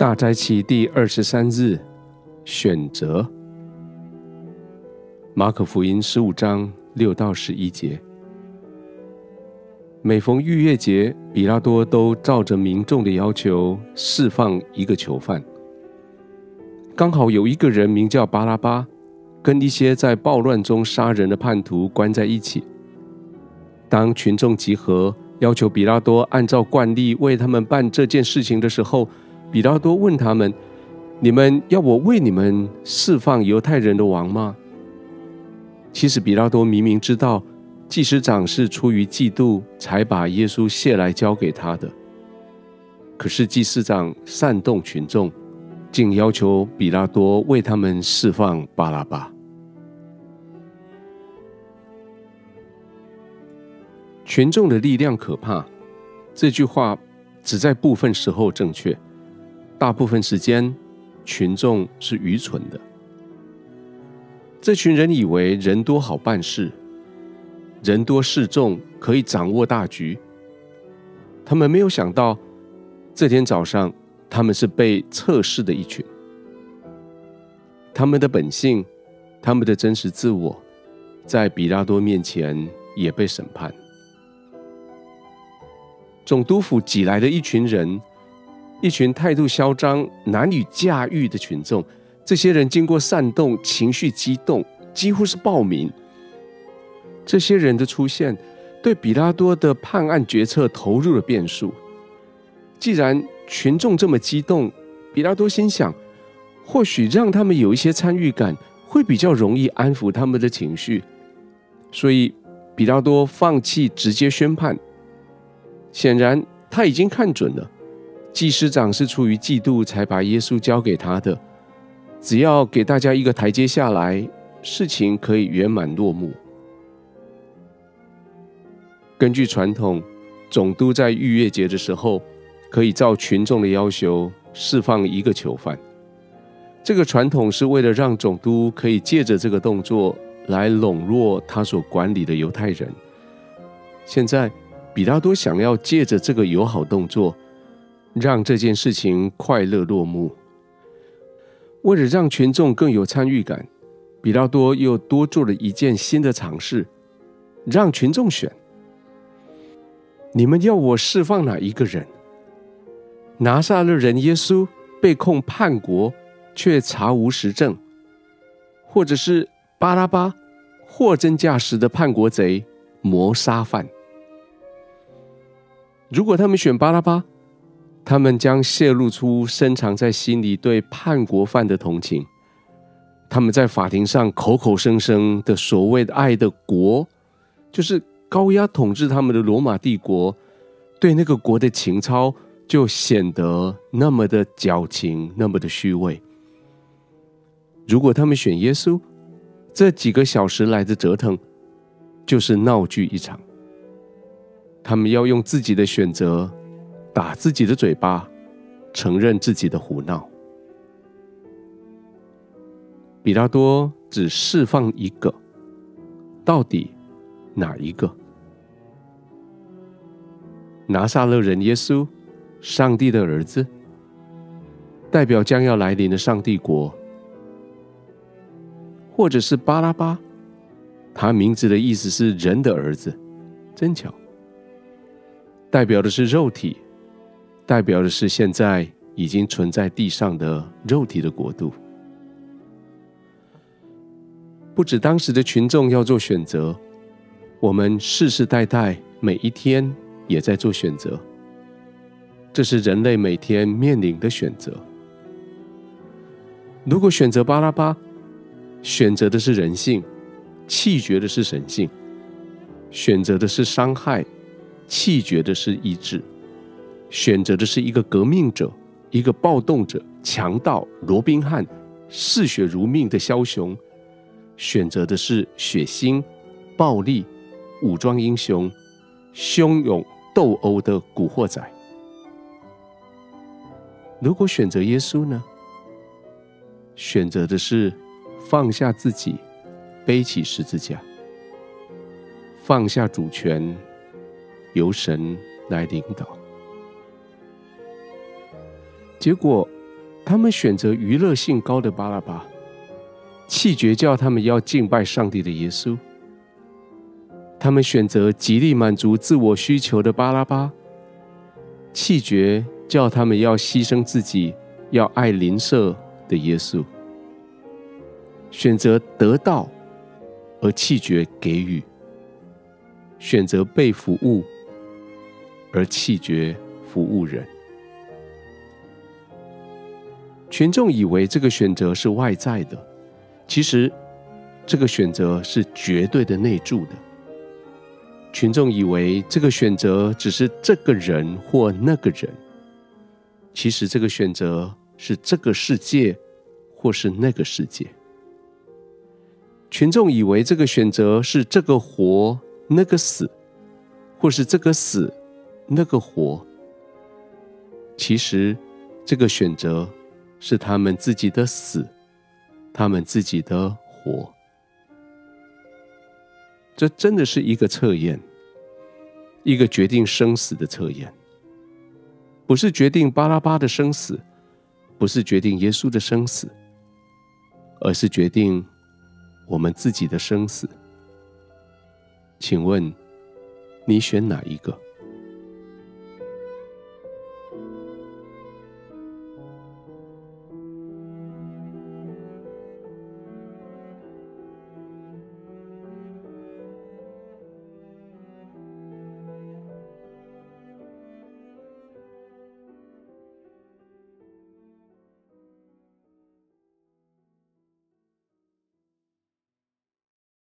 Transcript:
大齋期第二十三日，選擇。馬可福音十五章六到十一節。每逢逾越節，彼拉多都照着民眾的要求釋放一個囚犯。剛好有一個人名叫巴拉巴，跟一些在暴亂中殺人的叛徒關在一起。當群眾集合，要求彼拉多按照慣例為他們辦這件事情的時候，彼拉多問他們：“你們要我為你們釋放猶太人的王嗎？”其實彼拉多明明知道，祭司長是出於嫉妒才把耶穌解來交給他的。可是祭司長煽動群眾，竟要求彼拉多為他們釋放巴拉巴。群眾的力量可怕，這句話只在部分時候正確。大部分時間，群眾是愚蠢的。這群人以為人多好辦事，人多勢眾可以掌握大局。他們沒有想到，這天早上他們是被測試的一群。他們的本性，他們的真實自我，在彼拉多面前也被審判。總督府擠來的一群人。一群態度囂張、難以駕馭的群眾，這些人經過煽動，情緒激動，幾乎是暴民。這些人的出現，對彼拉多的判案決策投入了變數。既然群眾這麼激動，彼拉多心想，或許讓他們有一些參與感，會比較容易安撫他們的情緒。所以，彼拉多放棄直接宣判。顯然，他已經看準了。祭司長是出於嫉妒才把耶穌交給他的。只要給大家一個台階下來，事情可以圓滿落幕。根據傳統，總督在逾越節的時候，可以照群眾的要求，釋放一個囚犯。這個傳統是為了讓總督可以借着這個動作來籠絡他所管理的猶太人。現在，彼拉多想要借着這個友好動作，讓這件事情快樂落幕。為了讓群眾更有參與感，彼拉多又多做了一件新的嘗試：讓群眾選。你們要我釋放哪一個人？拿撒勒人耶穌被控叛國，卻查無實證；或者是巴拉巴，貨真價實的叛國賊、謀殺犯。如果他們選巴拉巴，他們將洩露出深藏在心裡對叛國犯的同情。他們在法庭上口口聲聲的所謂的愛的國，就是高壓統治他們的羅馬帝國，對那個國的情操就顯得那麼的矯情，那麼的虛偽。如果他們選耶穌，這幾個小時來的折騰就是鬧劇一場。他們要用自己的選擇。打自己的嘴巴，承認自己的胡鬧。彼拉多只釋放一個，到底哪一個？拿撒勒人耶穌，上帝的兒子，代表將要來臨的上帝國，或者是巴拉巴，他名字的意思是人的兒子，真巧，代表的是肉體。代表的是現在已經存在地上的肉體的國度。不止當時的群眾要做選擇，我們世世代代每一天也在做選擇。這是人類每天面臨的選擇。如果選擇巴拉巴，選擇的是人性，棄絕的是神性；選擇的是傷害，棄絕的是醫治。選擇的是一個革命者、一個暴動者、強盜、羅賓漢、嗜血如命的梟雄；選擇的是血腥、暴力、武裝英雄、兇勇鬥毆的古惑仔。如果選擇耶穌呢？選擇的是放下自己，背起十字架，放下主權，由神來領導。結果，他們選擇娛樂性高的巴拉巴，棄絕叫他們要敬拜上帝的耶穌；他們選擇極力滿足自我需求的巴拉巴，棄絕叫他們要犧牲自己，要愛鄰舍的耶穌。選擇得到而棄絕給予，選擇被服務而棄絕服務人。群眾以為這個選擇是外在的，其實這個選擇是絕對的內住的。群眾以為這個選擇只是這個人或那個人，其實這個選擇是這個世界或是那個世界。群眾以為這個選擇是這個活那個死，或是這個死那個活，其實這個選擇，是他們自己的死，他們自己的活。這真的是一個測驗，一個決定生死的測驗。不是決定巴拉巴的生死，不是決定耶穌的生死，而是決定我們自己的生死。請問，你選哪一個？